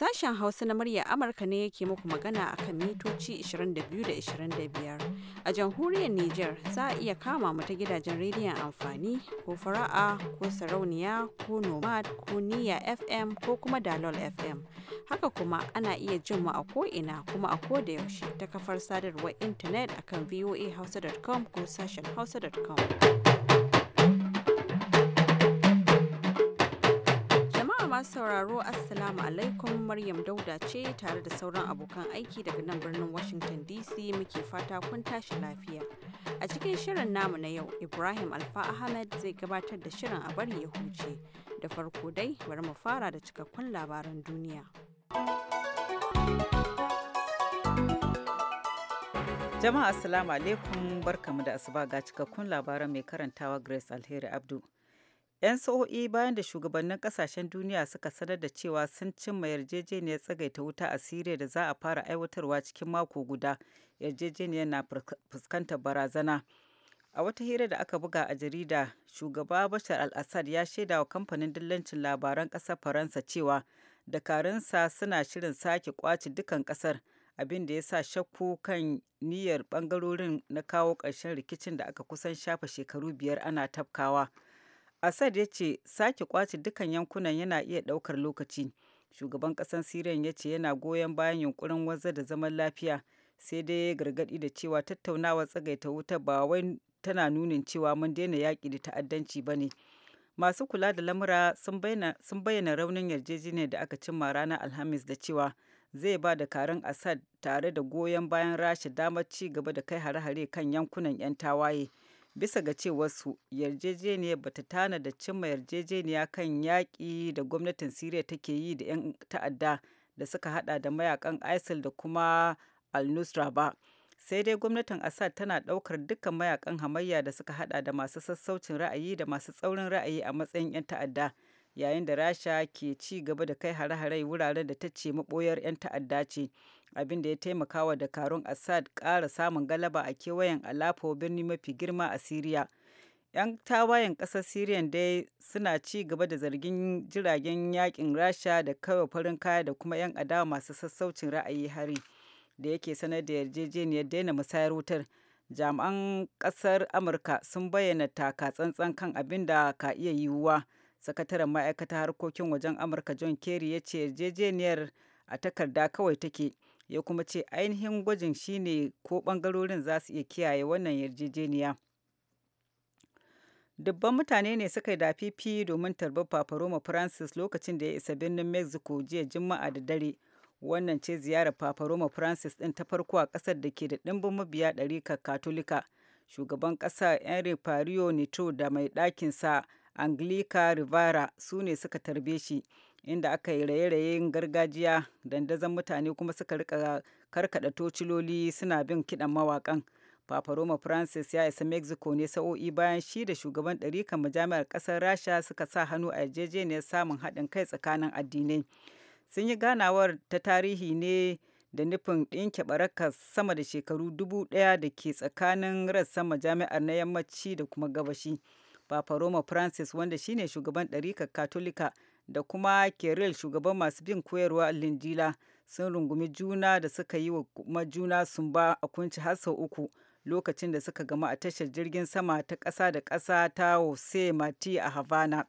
Sashen Hausa na murya Amurka ne yake muku magana a kan mitoci 22 da 25. A jamhuriyar Nijar za a iya kama mu ta gidajen rediyon amfani ko fara'a ko sarauniya ko nomad ko niya FM ko kuma dalol FM. Haka kuma ana iya jin mu a ko'ina kuma a ko da yaushe ta kafar sadarwar intanet a akan voahausa.com ko sashen hausa.com. sauraro Assalamu alaikum Maryam Dauda ce tare da sauran abokan aiki daga nan birnin Washington DC muke fata kun tashi lafiya. A cikin shirin namu na yau, Ibrahim Alfa Ahmed zai gabatar da shirin a bari ya huce. Da farko dai, bari mu fara da cikakkun labaran duniya. Jama'a Assalamu alaikum barkamu da asuba ga cikakkun labaran mai karantawa Grace Alheri Abdu. 'yan sa'o'i bayan da shugabannin kasashen duniya suka sanar da cewa sun cimma yarjejeniyar tsagaita wuta a siriya da za a fara aiwatarwa cikin mako guda yarjejeniyar na fuskantar barazana a wata hira da aka buga a jarida shugaba bashar al-assad ya shaida wa kamfanin dillancin labaran kasar faransa cewa dakarunsa suna shirin sake kwace dukan ƙasar abin da ya sa shakku kan niyyar bangarorin na kawo ƙarshen rikicin da aka kusan shafa shekaru biyar ana tafkawa. Assad ya ce sake kwace dukan yankunan yana iya ɗaukar lokaci. Shugaban ƙasar Siriyan ya ce yana goyon bayan yunkurin wanzar da zaman lafiya, sai dai ya gargaɗi da cewa tattaunawar tsagaita wuta ba wai tana nunin cewa mun daina yaƙi da ta'addanci ba ne. Masu kula da lamura sun bayyana raunin yarjejeniyar da aka cimma ranar Alhamis da cewa zai ba da karin Assad tare da goyon bayan Rasha damar ci gaba da kai hare-hare kan yankunan 'yan tawaye. bisa ga cewarsu Yarjejeniya ba ta da cimma yarjejeniya kan yaƙi da gwamnatin siriya take yi da 'yan ta'adda da suka hada da mayakan isil da kuma al-nusra ba sai dai gwamnatin assad tana ɗaukar dukkan mayakan hamayya da suka hada da masu sassaucin ra'ayi da masu tsaurin ra'ayi a matsayin 'yan ta'adda yayin da rasha ke ci gaba da kai hare-hare wuraren da ta ce maboyar 'yan ta'adda ce abin da ya taimaka wa dakarun Assad ƙara samun galaba a kewayen alafo birni mafi girma a Siriya. 'Yan tawayen ƙasar Siriyan dai suna ci gaba da zargin jiragen yakin Rasha da kawai farin kaya da kuma 'yan adawa masu sassaucin ra'ayi hari da yake sanar da yarjejeniyar daina musayar wutar. Jami'an ƙasar Amurka sun bayyana taka tsantsan kan abin da ka iya yiwuwa. sakataren ma'aikatar harkokin wajen amurka john kerry ya ce yarjejeniyar a takarda kawai take ya kuma ce ainihin gwajin shine ko bangarorin za su iya kiyaye wannan yarjejeniya dubban mutane ne suka yi dafifi domin tarbar paparoma francis lokacin da ya isa birnin mexico jiya juma'a da dare wannan ce ziyarar paparoma francis din ta farko a kasar da ke da ɗimbin mabiya ɗarika katolika shugaban ƙasa henry pario nito da mai ɗakinsa anglica rivera su ne suka tarbe shi inda aka yi raye-rayen gargajiya dandazon mutane kuma suka rika karkada tociloli suna bin kidan mawakan Papa Francis ya isa Mexico ne sa'o'i bayan shi da shugaban ɗarikan majami'ar ƙasar Rasha suka sa hannu a yarjejeniyar samun haɗin kai tsakanin addinai. Sun yi ganawar ta tarihi ne da nufin ɗinke baraka sama da shekaru dubu ɗaya da ke tsakanin rassan majami'ar na yammaci da kuma gabashi. Papa Roma Francis wanda shine shugaban ɗarikar Katolika da kuma Kirill shugaban masu bin koyarwa Lindila, sun rungumi juna da suka yi wa kuma juna sumba a kunci har sau uku lokacin da suka gama a tashar jirgin sama ta ƙasa da ƙasa ta Jose Mati a Havana.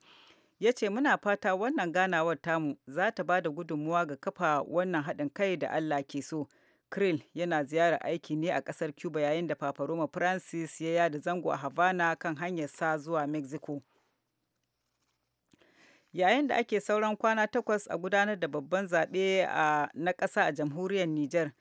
Ya ce muna fata wannan ganawar tamu za ta ba da gudunmuwa ga kafa wannan haɗin kai da Allah ke so. Krill yana ziyarar aiki ne a ƙasar Cuba yayin da paparoma Francis ya yada zango a Havana kan hanyar sa zuwa Mexico. yayin da ake sauran kwana takwas a gudanar da babban zaɓe na ƙasa a jamhuriyar Nijar.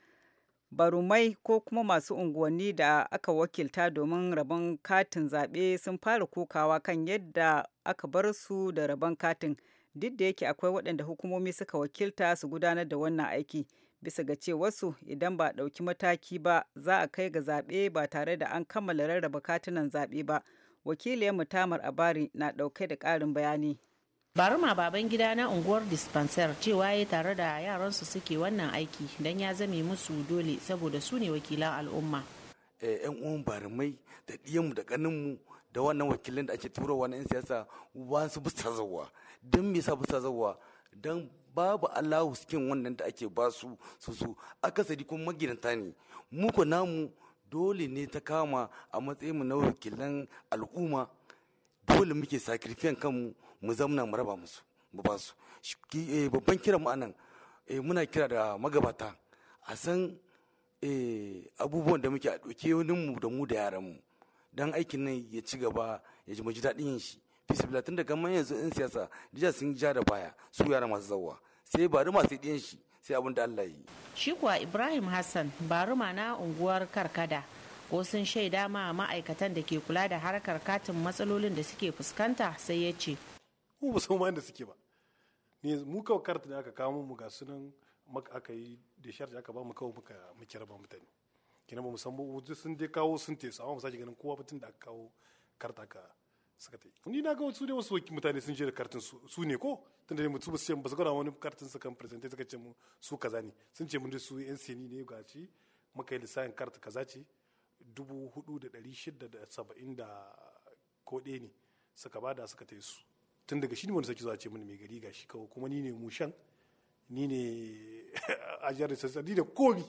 Barumai ko kuma masu unguwanni da aka wakilta domin rabon katin zaɓe sun fara kokawa kan yadda aka bar su da rabon katin duk da yake akwai waɗanda hukumomi suka wakilta su gudanar da wannan aiki bisa ga ce wasu idan ba ɗauki mataki ba za a kai ga zaɓe ba tare da an kammala rarraba katunan zaɓe ba wakiliyar mutamar abari na ɗauke da ƙarin bayani ma baban gida na unguwar dispenser cewa ya tare da yaransu suke wannan aiki don ya zame musu dole saboda su ne wakilan al'umma yan eh, uwan barumai da ɗiyanmu da ƙaninmu da wannan wakilin da ake turo na 'yan siyasa ba su bisa zawa don me sa busta zawa don babu allahu cikin wannan da ake ba su su su akasari kuma magidanta ne muku namu dole ne ta kama a matsayinmu na wakilan al'umma dole muke sakirfiyan kanmu mu zamna mu raba musu mu ba su eh, babban kiran mu anan eh, muna kira da magabata a san eh, abubuwan da muke a wani mu da mu da yaran mu dan aikin nan ya ci gaba ya ji mu ji daɗin yin shi fisibila tun da kamar yanzu in siyasa dija sun ja da baya su yara masu zawa sai bari masu ɗiyan shi sai abin da Allah yi. Shi kuwa Ibrahim Hassan baruma na unguwar Karkada ko sun shaida ma ma'aikatan da ke kula da harkar katin matsalolin da suke fuskanta sai ya ce mu ba san ma suke ba ne mu kawai karta ne aka kawo mu ga sunan aka yi da sharji aka ba mu kawai muka muke raba mutane kina ba mu san ba sun dai kawo sun te amma mu sake ganin kowa batun da aka kawo karta ka suka ta ni na ga su ne wasu mutane sun je da kartin su ne ko tunda mutu ba su ba su gara wani kartin su kan presente suka ce mu su kaza ne sun ce mun dai su yan seni ne ga ci muka yi lissafin karta kaza ce dubu hudu da dari shida da saba'in da ko ɗaya ne suka bada suka ta su tun daga shi ne wani saki zuwa ce mini mai gari ga shi kawai kuma ni ne mushan ni ne ajiyar da da komi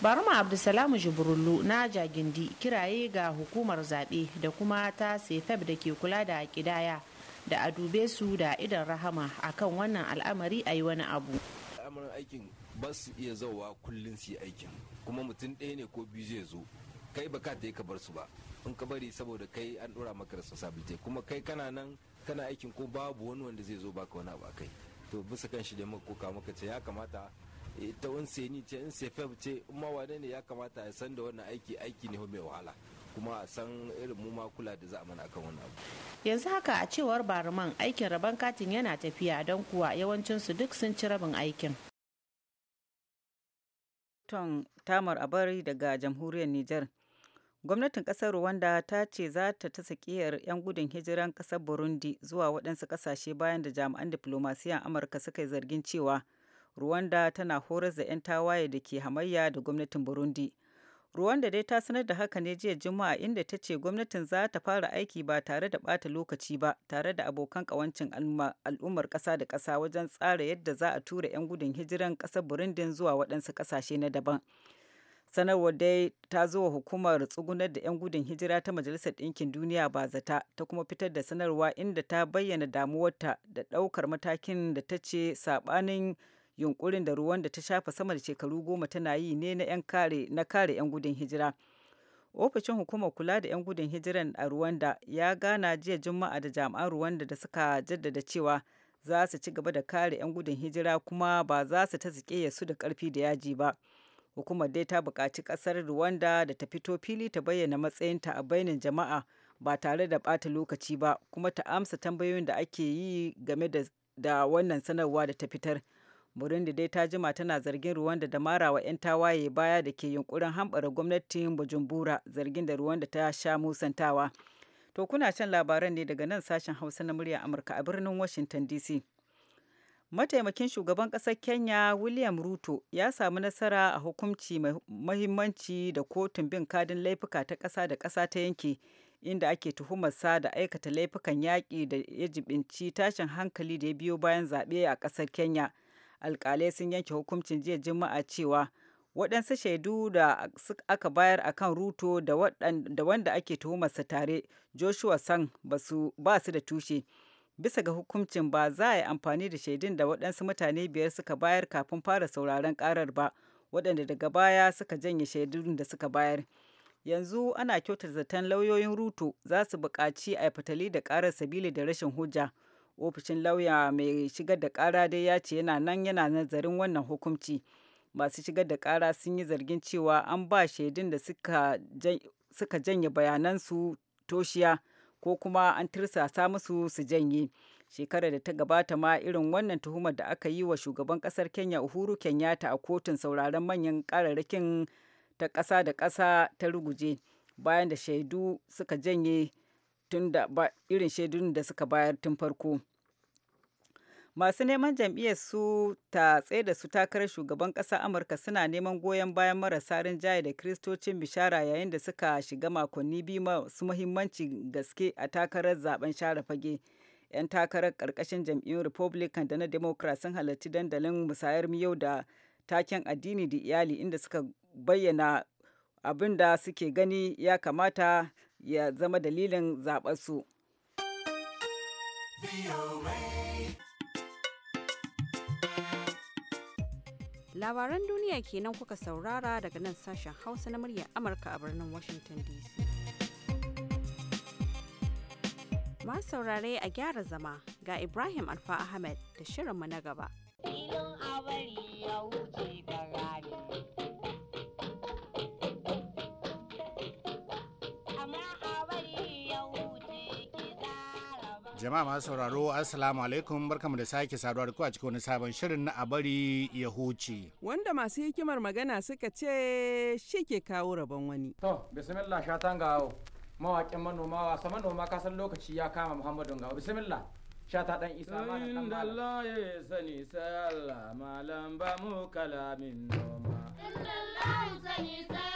baruma abdulsalamu jibrullu na jagindi kiraye ga hukumar zaɓe da kuma ta sefab da ke kula da kidaya da a dube su da idan rahama akan wannan al'amari a yi wani abu al'amarin aikin ba su iya zauwa kullum su aikin kuma mutum ɗaya ne ko biyu zai zo kai ba ka ta yi ka bar su ba in ka bari saboda kai an ɗora maka responsibility kuma kai kana nan kana aikin ko babu wani wanda zai zo baka wani abu kai to bisa kan shi da muka koka muka ce ya kamata eh, ta wani seni ce in sefef ce in ma wane ne ya kamata a san da wannan aiki aiki ne mai wahala kuma a san irin mu kula da za a mana akan wannan abu yanzu haka a cewar baruman aikin rabon katin yana tafiya don kuwa yawancin su duk sun ci rabin aikin Tom Tamar Abari daga jamhuriyar Nijar. Gwamnatin ƙasar Rwanda ta ce za ta ta sakiyar 'yan gudun hijiran ƙasar Burundi zuwa waɗansu ƙasashe bayan da jami'an diplomasiyan Amurka suka yi zargin cewa Rwanda tana horar da 'yan tawaye da ke hamayya da gwamnatin Burundi. Rwanda dai ta sanar da haka ne jiya Juma'a inda ta ce gwamnatin za ta fara aiki ba tare da ɓata lokaci ba tare da abokan ƙawancin al'ummar ƙasa da ƙasa wajen tsara yadda za a tura 'yan gudun hijiran ƙasar Burundin zuwa waɗansu ƙasashe na daban. sanarwar dai ta zo wa hukumar tsugunar da 'yan gudun hijira ta majalisar ɗinkin duniya ba zata ta kuma fitar da sanarwa inda ta bayyana damuwarta da ɗaukar matakin da ta ce saɓanin yunkurin da ruwan da ta shafa sama da shekaru goma tana yi ne na kare 'yan gudun hijira ofishin hukumar kula da 'yan gudun hijiran a ruwanda ya gana jiya juma'a da jami'an ruwanda da suka jaddada cewa za su ci gaba da kare 'yan gudun hijira kuma ba za su ta su da ƙarfi da yaji ba. Hukumar dai ta buƙaci ƙasar Rwanda da ta fito fili ta bayyana matsayinta a bainin jama'a ba tare da ɓata lokaci ba kuma ta amsa tambayoyin da ake yi game da wannan sanarwa da ta fitar. Burundi dai ta jima tana zargin Rwanda da marawa 'yan tawaye baya da ke yunkurin hambara gwamnatin Bujumbura zargin da Rwanda ta sha musantawa. To kuna shan labaran ne daga nan sashen Hausa na murya Amurka a birnin Washington DC. mataimakin shugaban ƙasar kenya william ruto ya samu nasara a hukunci mahimmanci da kotun bin kadin laifuka ta ƙasa da ƙasa ta yanke inda ake tuhumarsa da aikata laifukan yaƙi da ya jibinci tashin hankali da ya biyo bayan zaɓe a ƙasar kenya alƙalai sun yanke hukuncin jiya juma'a cewa waɗansu shaidu da aka bayar a kan ruto da wanda ake tuhumarsa tare joshua sang ba su da tushe bisa ga hukuncin ba za a yi amfani da shaidun da waɗansu mutane biyar suka bayar kafin fara sauraron ƙarar ba waɗanda daga baya suka janye shaidun da suka bayar yanzu ana kyautar zaton lauyoyin ruto za su buƙaci a fitali da ƙarar sabili da rashin hujja ofishin lauya mai shigar da ƙara dai ya ce yana nan yana nazarin wannan hukunci masu shigar da ƙara sun yi zargin cewa an ba shaidun da suka janye bayanansu toshiya ko kuma an tirsasa musu su janye shekarar da ta gabata ma irin wannan tuhumar da aka yi wa shugaban kasar kenya uhuru kenyatta a kotun sauraron manyan kararrakin ta ƙasa da ƙasa ta ruguje bayan da shaidu suka janye tun irin shaidun da suka bayar tun farko masu neman jam'iyyar su ta da su takarar shugaban ƙasa amurka suna neman goyon bayan marasa rinjaye da kiristocin bishara yayin da suka shiga makonni biyu masu muhimmanci gaske a takarar zaben share fage 'yan takarar ƙarƙashin jam'iyyun republican da na democrat sun halarci dandalin musayar miyau da taken addini da iyali inda suka bayyana abin da suke gani ya kamata ya zama dalilin zaɓarsu. su. labaran duniya kenan kuka saurara daga nan sashen hausa na muryar amurka a birnin washington dc masu saurare a gyara zama ga ibrahim alfa ahmed da shirinmu na gaba Jama'a masu sauraro Assalamu alaikum barkamu da sake saduwa da ku a cikin wani sabon shirin na abari ya huce. Wanda masu hikimar magana suka ce shi ke kawo rabon wani. To, bismillah shatan awo Mawaƙin manoma wasa manoma kasan lokaci ya kama Muhammadu ga Bismillah. Shata dan Isa malam da Allah ya sani sai Allah malam ba mu kalamin noma. Allah sani sai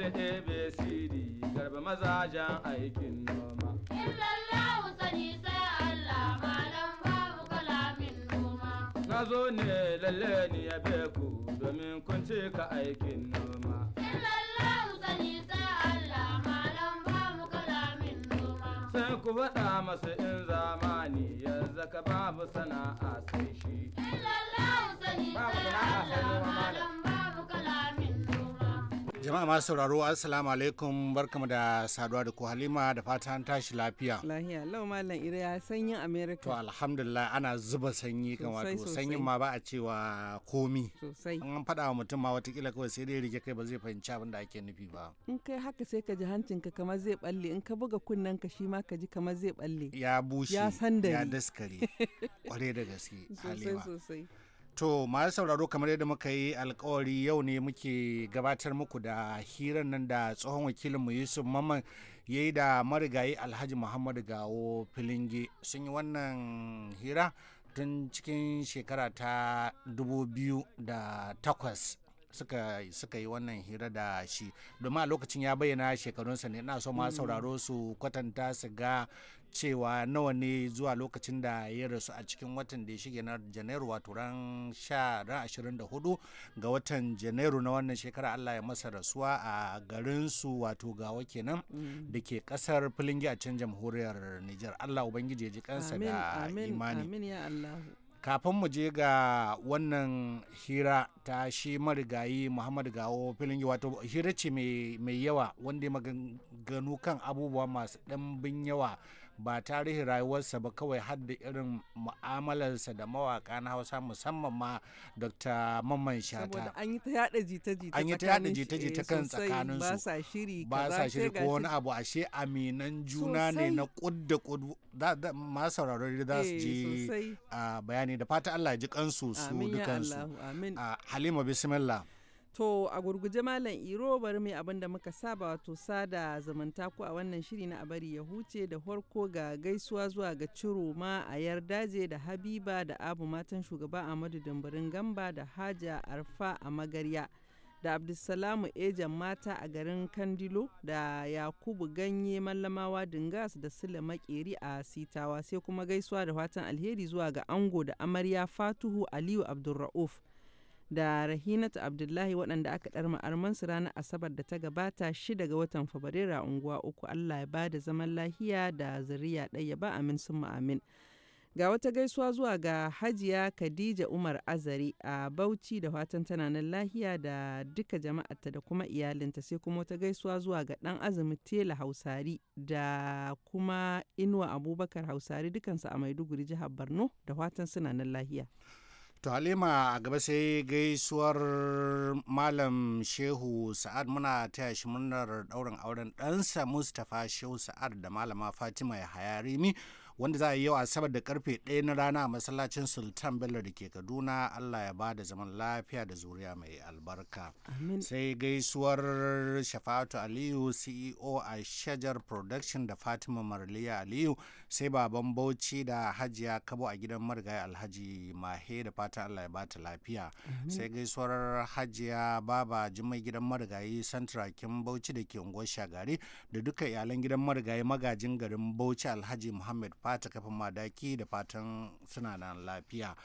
da abcd garba mazajen aikin noma illallahu sani sai allah malam babu kalamin noma na zo ne lalle ni ya ku domin kun ka aikin noma illallahu sani sai allah malam babu kalamin noma sai ku faɗa masa in zamani yanzu ka babu sana'a sai shi illallahu sani sai allah malam jama'a masu sauraro assalamu alaikum barkamu da saduwa da ku halima da fatan tashi lafiya lafiya lau malam iriya sanyin america to alhamdulillah ana zuba sanyi kan wato sanyin ma ba a cewa komi an faɗa wa mutum ma watakila kawai sai dai rige kai ba zai fahimci abin da ake nufi ba in kai haka sai ka ji hancin ka kamar zai balle in ka buga kunnen ka shi ma ka ji kamar zai balle ya bushe ya ya daskare kware da gaske halima To masu sauraro kamar yadda muka yi alkawari yau ne muke gabatar muku da hirar nan da tsohon wakilinmu Yusuf Mamman ya yi da marigayi Alhaji Muhammadu Gawo Filinge sun yi wannan hira tun cikin shekara ta 2008 suka suka yi wannan hira da shi domin a lokacin ya bayyana shekarunsa ne ina so ma mm. sauraro su kwatanta su ga cewa nawa ne zuwa lokacin da ya rasu a cikin watan da ya shige na janairu wato ran ashirin da hudu ga watan janairu na wannan shekara allah ya masa rasuwa a garin su wato gawa kenan mm. da ke kasar filingi a can jamhuriyar niger allah ubangiji ya ji kansa da imani kafin mu je ga wannan hira ta shi marigayi muhammad gawo filin wato hira ce mai yawa wanda ya maganganu kan abubuwa masu ɗimbin yawa ba tarihin rayuwarsa ba kawai hadda irin mu'amalarsa da mawaka na hausa musamman ma dr mamman shata an yi ta yada jita-jita eh, kan tsakanin su ba sa shiri ba sa shiri ko wani abu ashe aminan juna ne na kudda da kud ma sauraro da su eh, ji ah, bayani da fata Allah ji kansu su dukansu ah, halima bismillah To a gurguje Malam Iro bari mai abin da muka saba wato sada zumunta ku a wannan shiri na abari ya huce da horko ga gaisuwa zuwa ga ciro ma a Yardaje da Habiba da Abu matan shugaba Ahmadu Dumburin Gamba da Haja Arfa a Magarya. da Abdulsalamu ejan mata a garin Kandilo da Yakubu Ganye Mallamawa Dingas da Sule Makeri a Sitawa sai kuma gaisuwa da fatan alheri zuwa ga ango da amarya Fatuhu Aliyu Abdulra'uf. da Rahinatu Abdullahi waɗanda aka ɗarma armansu ranar Asabar da ta gabata shi daga watan Fabrairu a unguwa uku Allah ya ba da zaman lahiya da zuriya ɗaya ba amin sun amin. Ga wata gaisuwa zuwa ga Hajiya Khadija Umar Azari a Bauchi da fatan tana nan lahiya da duka jama'arta da kuma iyalinta sai kuma wata gaisuwa zuwa ga dan azumi Tela Hausari da kuma Inuwa Abubakar Hausari dukansu a Maiduguri jihar Borno da fatan suna nan lahiya. To Halima a gaba sai gaisuwar Malam Shehu Sa'ad muna taya shi murnar ɗaurin auren ɗansa Mustapha Shehu Sa'ad da Malama Fatima ya rimi wanda za a yi yau a sabar da karfe ɗaya na rana a masallacin Sultan Bello da ke Kaduna Allah ya ba da zaman lafiya da zuriya mai albarka. Sai gaisuwar Shafatu Aliyu CEO a Shajar Production da Fatima Marliya Aliyu sai baban bauchi da hajiya kabo a gidan marigayi alhaji mahe da fatan allah ya bata lafiya sai gaisuwar hajiya baba jimai gidan marigayi kin bauchi da ke unguwar shagari da duka iyalan gidan marigayi magajin garin bauchi alhaji muhammad fata kafin madaki da fatan suna nan lafiya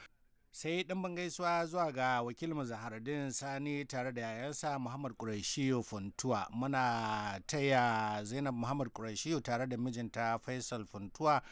sai dan gaisuwa zuwa ga wakilin zaharadin sani tare da yayansa muhammad Qurashiyu funtuwa muna taya zainab muhammad Qurashiyu tare da mijinta faisal funtuwa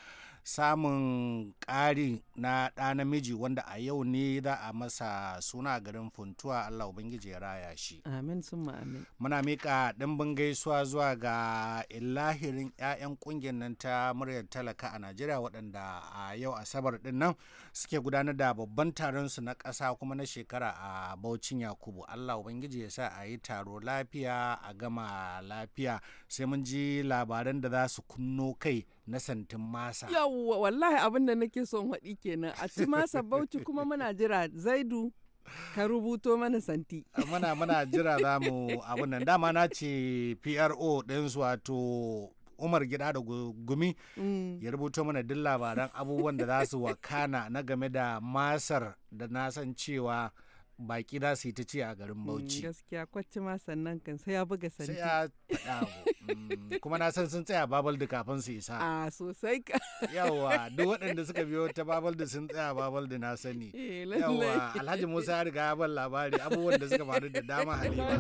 samun ƙari na ɗa namiji wanda a yau ne za a masa suna garin funtuwa allah ubangiji ya raya shi amin sun amin muna miƙa ɗimbin gaisuwa zuwa ga ilahirin 'ya'yan ƙungiyar nan ta muryar talaka a najeriya waɗanda a yau asabar ɗin nan suke gudanar da babban taron su na ƙasa kuma na shekara a baucin yakubu allah ubangiji ya sa a yi taro lafiya a gama lafiya sai mun ji labaran da za su kunno kai na santin masa yawwa wallahi abin da nake son haɗi kenan a ci masa bauchi kuma muna jira zaidu ka rubuto mana santi muna muna jira za mu abin nan dama na ce pro ɗinsu wato umar gida da gumi mm. ya rubuto mana duk labaran abubuwan da za su wakana na game da masar da na san cewa baki za su yi ta ce a garin mm, bauchi gaskiya kwacce ma sannan kan sai ya buga santi sai ya mm, kuma na san sun tsaya babal da kafin su isa a ah, sosai ka yawa duk waɗanda suka biyo ta babal da sun tsaya babal da na sani eh, yawa alhaji musa ya riga ya ban labari abubuwan da suka faru da dama halima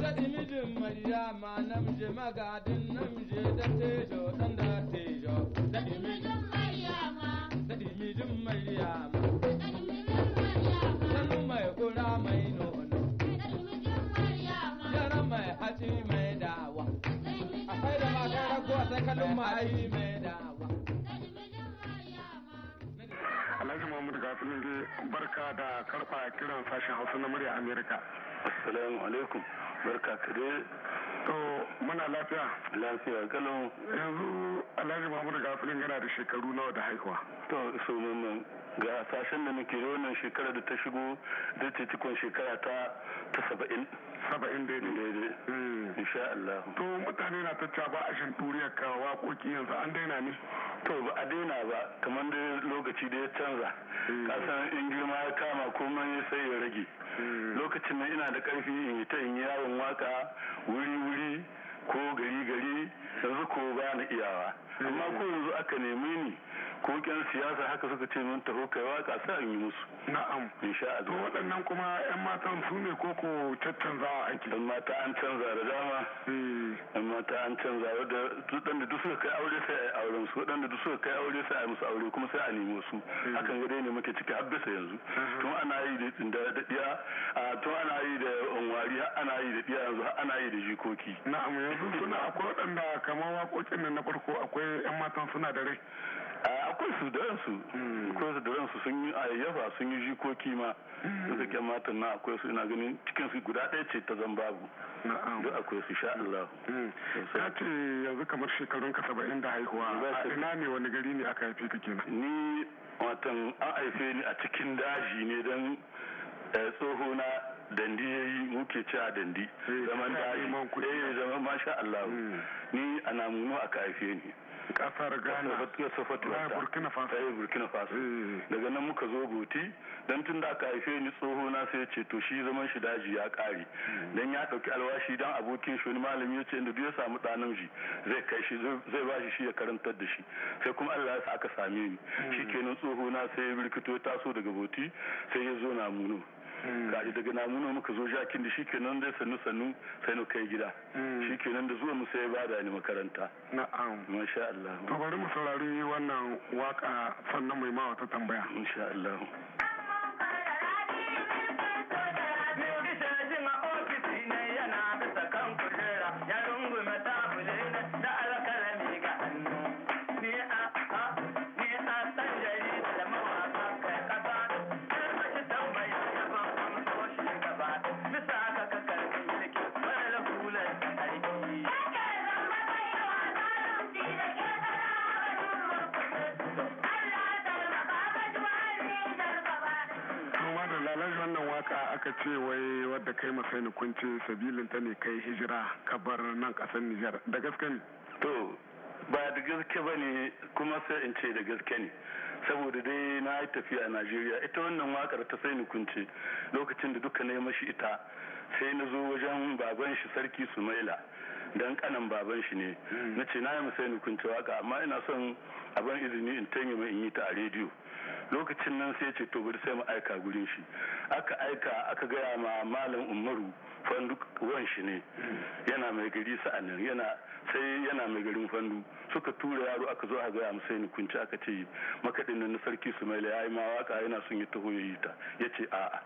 Alhaji Muhammadu Gatsinin barka da karfa kiran sashen Hausa na murya Amerika. Assalamu alaikum, barka ka To muna lafiya? Lafiya kalau. Yanzu Alhaji Muhammadu Gatsinin yana da shekaru nawa da haihuwa. To su ga sashen da nake wannan shekara da ta shigo da ce cikon shekara ta ta saba'in. Saba'in daidai. insha Allah to mutane na ta ba ashin turiyar ka waƙoƙi yanzu an daina ne to ba a daina ba kamar da lokaci da ya canza hmm. kasan in girma ya kama komai sai ya rage hmm. lokacin nan ina da karfi in yi ta in yawon waka wuri wuri ko gari gari yanzu ko ba na iyawa amma hmm. ko yanzu aka nemi ni ko kyan siyasa haka suka ce mun taho kai waka sai an yi musu na'am insha Allah to waɗannan kuma ƴan matan su ne ko ko a aiki. yan mata an canza da dama yan eh. mata an canza da da duk suka kai aure sai a auren su da duk suka kai aure sai a musu aure kuma sai a nemo su eh. hakan ga ne muke ciki har bisa yanzu uh-huh. tun ana yi da a tun ana yi da unwari har ana yi da diya yanzu har ana yi da jikoki na'am yanzu suna akwai waɗanda kamar waƙoƙin nan na farko akwai ƴan matan suna da rai Eh, akwai su da hmm. akwai su da su sun yi ayyafa sun yi jikoki ma sun hmm. suke matan na akwai su ina ganin cikin su guda ɗaya ce ta zan babu duk akwai su sha Allah ka hmm. ce yanzu kamar shekarun ka saba'in da haihuwa a ina ne wani gari ne aka haife ka kenan ni watan an haife ni a cikin daji ne don eh, tsoho na dandi ya yi muke ci a dandi eh, zaman da yi zaman masha Allah ni ana mu aka haife ni kasar ghana ya sofoto ta burkina faso ta burkina faso eh. daga nan muka zo boti dan tun da aka haife ni tsoho na sai ce to shi zaman shi daji ya kare hmm. dan ya dauki alwashi dan abokin shi wani malami yace inda duk ya samu danin shi zai kai shi zai ba shi ya karantar da shi sai kuma Allah ya sa aka same ni hmm. shikenan tsoho na sai birkito ya taso daga boti sai ya zo na muno ji mm. daga namuna muka zo jakin da shikenan dai sannu sannu sai na kai gida mm. shikenan da zuwa mu sai ba da ni makaranta na'am masha Allah to bari mu saurari wannan waka sannan mu yi ma wata tambaya insha Allah ka ce wai wadda kai masai ni kunce sabilin ta ne kai hijira ka bar nan kasar Nijar da gaske ne to ba da gaske ba ne kuma sai in ce da gaske ne saboda dai na yi tafiya a najeriya ita wannan wakar ta sai ni kunce lokacin da duka na mashi ita sai na zo wajen baban shi sarki sumaila dan kanan baban shi ne hmm. na ce na yi masai ni kunce waka amma ina son abin izini in mai in yi ta a rediyo lokacin nan sai ce to bari sai mu aika gurin shi aka aika aka gaya ma malam umaru fandu wan shi ne yana mai gari sa'anin yana sai yana mai garin fandu suka tura yaro aka zo a gaya mu sai ni kunci aka ce makaɗin nan na sarki su mai layi ma waka yana son ya taho yayi ta yace a'a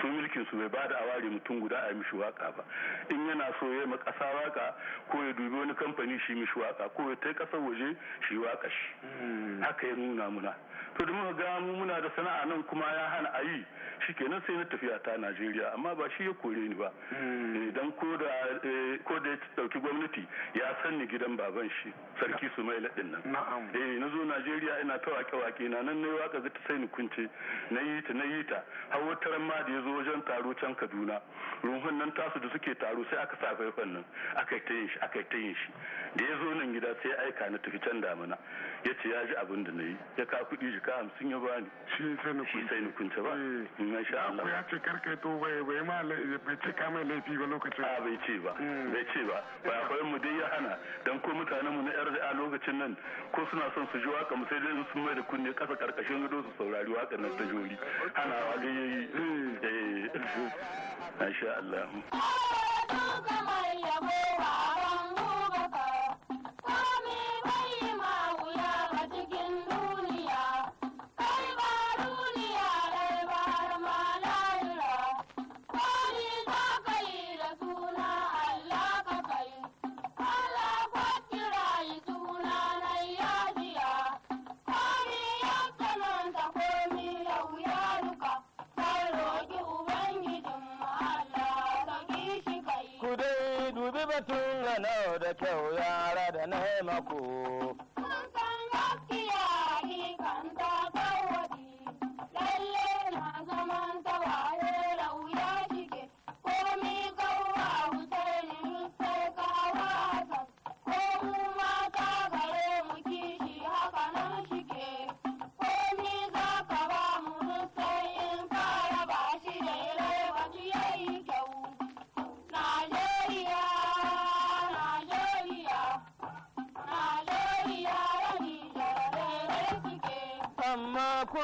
su mulkin su bai ba da awari mutum guda a yi mishi waka ba in yana so ya ma ƙasa waka ko ya dubi wani kamfani shi mishi waka ko ya yi kasar waje shi waka shi hmm. haka ya nuna muna to da muka muna da sana'a nan kuma ya hana a yi shikenan sai na tafiya ta Najeriya amma ba shi ya kore ni ba hmm. eh, dan ko da eh, ko ya dauki gwamnati ya san ni gidan baban shi sarki Sumaila ladin nan eh na zo Najeriya ina ta wake wake na nan nayi waka zata sai ni kunce nayi ta nayi ta har wata ma da yazo wajen taro can Kaduna ruhun nan tasu da suke taro sai aka sa faifan nan aka ta shi aka ta yin shi da yazo nan gida sai aika na tafi can damana yace ya ji abin da na yi ya ka kuɗi jika jaka hamsin shi sai ba eh. in Allah ya ce to bai bai ma bai ce ka mai laifi ba lokacin a bai ce ba hmm. bai ce ba ba akwai mu dai ya hana dan ko mutanen mu na a lokacin nan ko suna son su ji waka mu sai dai sun mai da kunne kasa karkashin gado su saurari wakar hana wa ga hmm. eh. Allah. na da kyau yara da na maku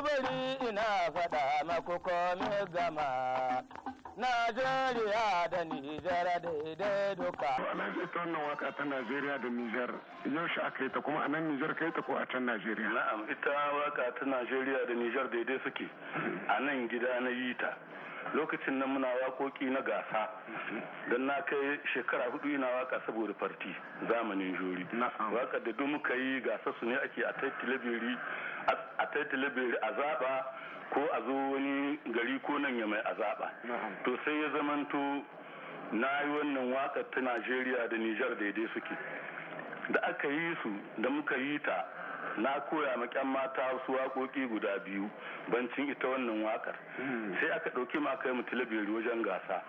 bari ina faɗa maku komi gama. Najeriya da Nijar daidai duka. To alhaji ta wannan waka ta Najeriya da Nijar shi aka yi ta kuma a nan Nijar kai ta ko a can Najeriya? Na'am ita waka ta Najeriya da Nijar daidai suke a nan gida na yi ta. Lokacin nan muna wakoki na gasa don na kai shekara hudu ina waka saboda farti zamanin jori. Waka da dumuka yi gasa su ne ake a taiti labiri. a taitilibir a zaɓa ko a zo wani gari ko nan ya mai a zaɓa to sai ya zamanto na yi wannan waƙar ta najeriya da nijar daidai suke da aka yi su da muka yi ta na koya maƙyan mata su waƙoƙi guda biyu bancin ita wannan wakar hmm. sai aka ɗauki ma kai mu talabiri wajen gasa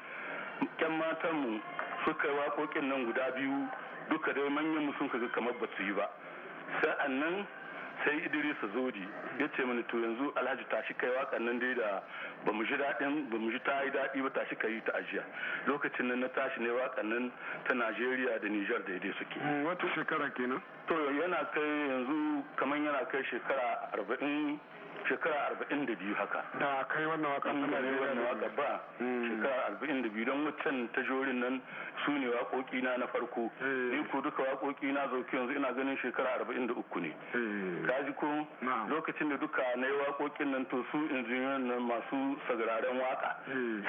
ƙyan matanmu suka yi waƙoƙin nan guda biyu duka dai manyan mu sun kaga kamar ba su yi ba sai sai idris zodi ya ce mani to yanzu alhaji tashi kai wakan nan dai da ba mu ji daɗin ba mu ji ta yi daɗi ba tashi kai ta ajiya lokacin nan na tashi ne wakan nan ta najeriya da nijar daidai suke mm, wata shekara kenan to yana kai yanzu kaman yana kai shekara arba'in shekara arba'in da biyu haka da kai wannan waka kana da mm, wannan waka ba mm. shekara arba'in da biyu don waccan ta jorin nan su ne waƙoƙi na na farko mm. ni ko duka waƙoƙi na zauki yanzu ina ganin shekara arba'in da uku ne ka ji ko lokacin da duka na yi waƙoƙin nan to su injiniyan nan masu sagararen waka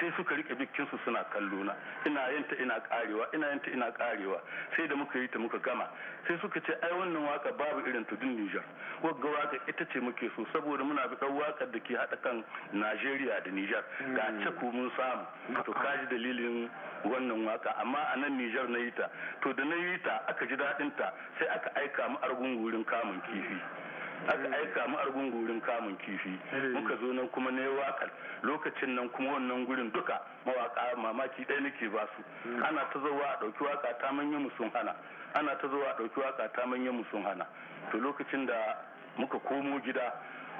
sai suka rike bikin su suna kallo na ina yanta ina karewa ina yanta ina karewa sai da muka yi ta muka gama sai suka ce ai wannan waka babu irin ta tudun Nijar wagga waka ita ce muke so saboda muna zaɓi wakar da ke haɗa kan Najeriya da Nijar hmm. ga ku mun samu hmm. to kaji dalilin wannan waka amma a nan Nijar na yi ta to da na yi ta aka ji daɗin ta sai aka aika mu argun wurin kamun kifi aka hmm. aika mu argun gurin kamun kifi muka zo nan kuma na yi wakar lokacin nan kuma wannan gurin duka mawaka mamaki ɗaya nake ba su ana ta zowa a ɗauki waka ta manya mu sun hana ana ta zowa a ɗauki waka ta manya mu sun hana to lokacin da muka komo gida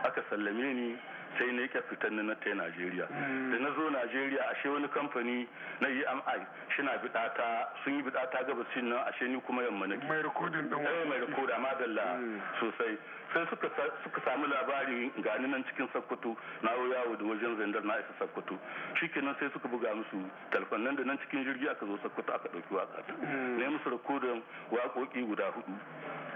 aka sallame ni sai na yake fitar na ta Najeriya. Da na zo Najeriya ashe wani kamfani na EMI na bidata sun yi bidata gabasin nan ashe ni kuma yamma nake. Mai rikodin din wani. Eh, mai rikodin dalla mm. sosai. sai suka sami labari gani nan cikin sakkwato na yawo da wajen zandar na isa sakkwato shikenan sai suka buga musu telefon nan da nan cikin jirgi aka zo sakkwato aka ɗauki waka ta hmm. ne musu rakodin waƙoƙi guda hudu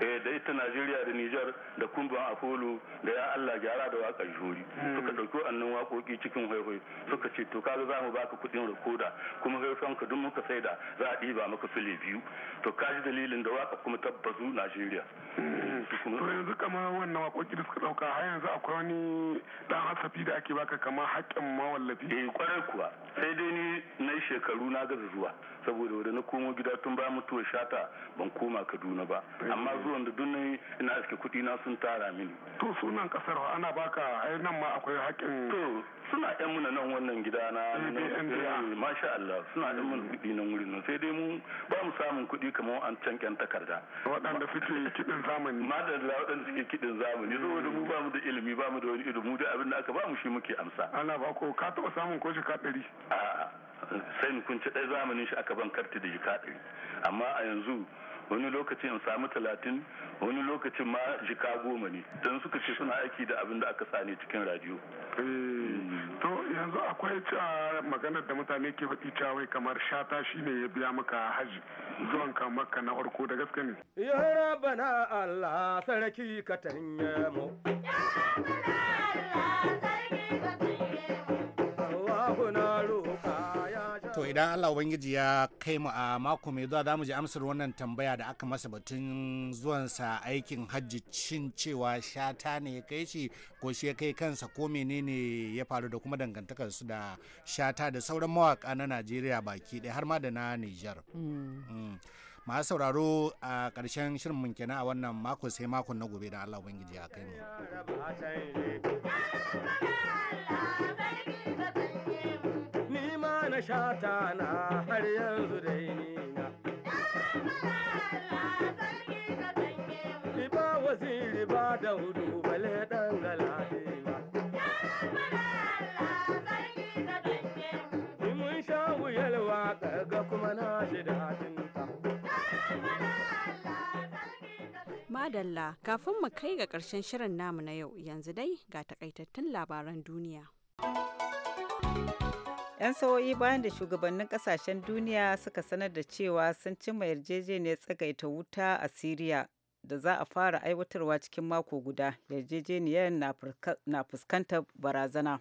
eh, da ita najeriya da nijar da kumbin apollo da ya allah gyara da waƙar jori hmm. suka ɗauki wannan waƙoƙi cikin haihuwa suka ce to kaga za mu baka kuɗin rakoda kuma haifan ka duk muka saida za a ɗiba maka fili biyu to kaji dalilin da waka kuma tabbazu najeriya. Hmm. to yanzu kama wannan waƙoƙi da suka ɗauka har yanzu akwai wani ɗan hasafi da ake baka kamar haƙƙin mawallafi. Eh kwarai kuwa. sai dai ni na shekaru na gaza zuwa saboda wadda na komo gida tun ba mutuwa shata ban koma kaduna ba amma eh. zuwan da duk ina aske kudi na sun tara mini to sunan kasar ana baka ai nan ma akwai haƙƙin to suna yan muna nan wannan gida na eh, masha Allah suna yan muna kudi nan wurin nan sai dai mu ba mu samun kudi kamar an can kyan takarda waɗanda suke kiɗin zamani madalla waɗanda suke kiɗin zamani saboda mu ba mu da ilimi ba mu da wani ilimi da abin da aka ba mu shi muke amsa ana ba ko ka taɓa samun ko shi ka ɗari a sai kun ci ɗaya zamanin shi aka ban karti da jika ɗari amma a yanzu wani lokacin in samu talatin wani lokacin ma jika goma ne don suka ce suna aiki da abin da aka sani cikin radiyo. Eh, to yanzu akwai maganar da mutane ke faɗi cawai kamar shata shi ne ya biya maka haji zuwan ka maka na farko da gaske ne. ya rabana allah sarki ka tanye mu. ya rabana to idan allah ubangiji ya kai mu a mako mai zuwa zamu ji amsar wannan tambaya da aka masa batun zuwansa aikin hajji cin cewa shata ne ya kai shi ko shi ya kai kansa ko menene ya faru da kuma dangantakar su da shata da sauran mawaka na najeriya baki ɗaya har ma da na nijar mm. Mm. masu sauraro a karshen shirin mun kenan a wannan mako sai mako na gobe da allah ubangiji ya kai mu na shata na har yanzu dai ni na. Riba waziri ba da hudu bale ɗan galade ba. Mun sha wuyar waƙa ga kuma na shi daɗinta. Madalla kafin mu kai ga ƙarshen shirin namu na yau yanzu dai ga takaitattun labaran duniya. 'yan sa'o'i bayan da shugabannin kasashen duniya suka sanar da cewa sun cimma yarjejeniyar tsagaita wuta a siriya da za a fara aiwatarwa cikin mako guda yarjejeniyar na fuskantar barazana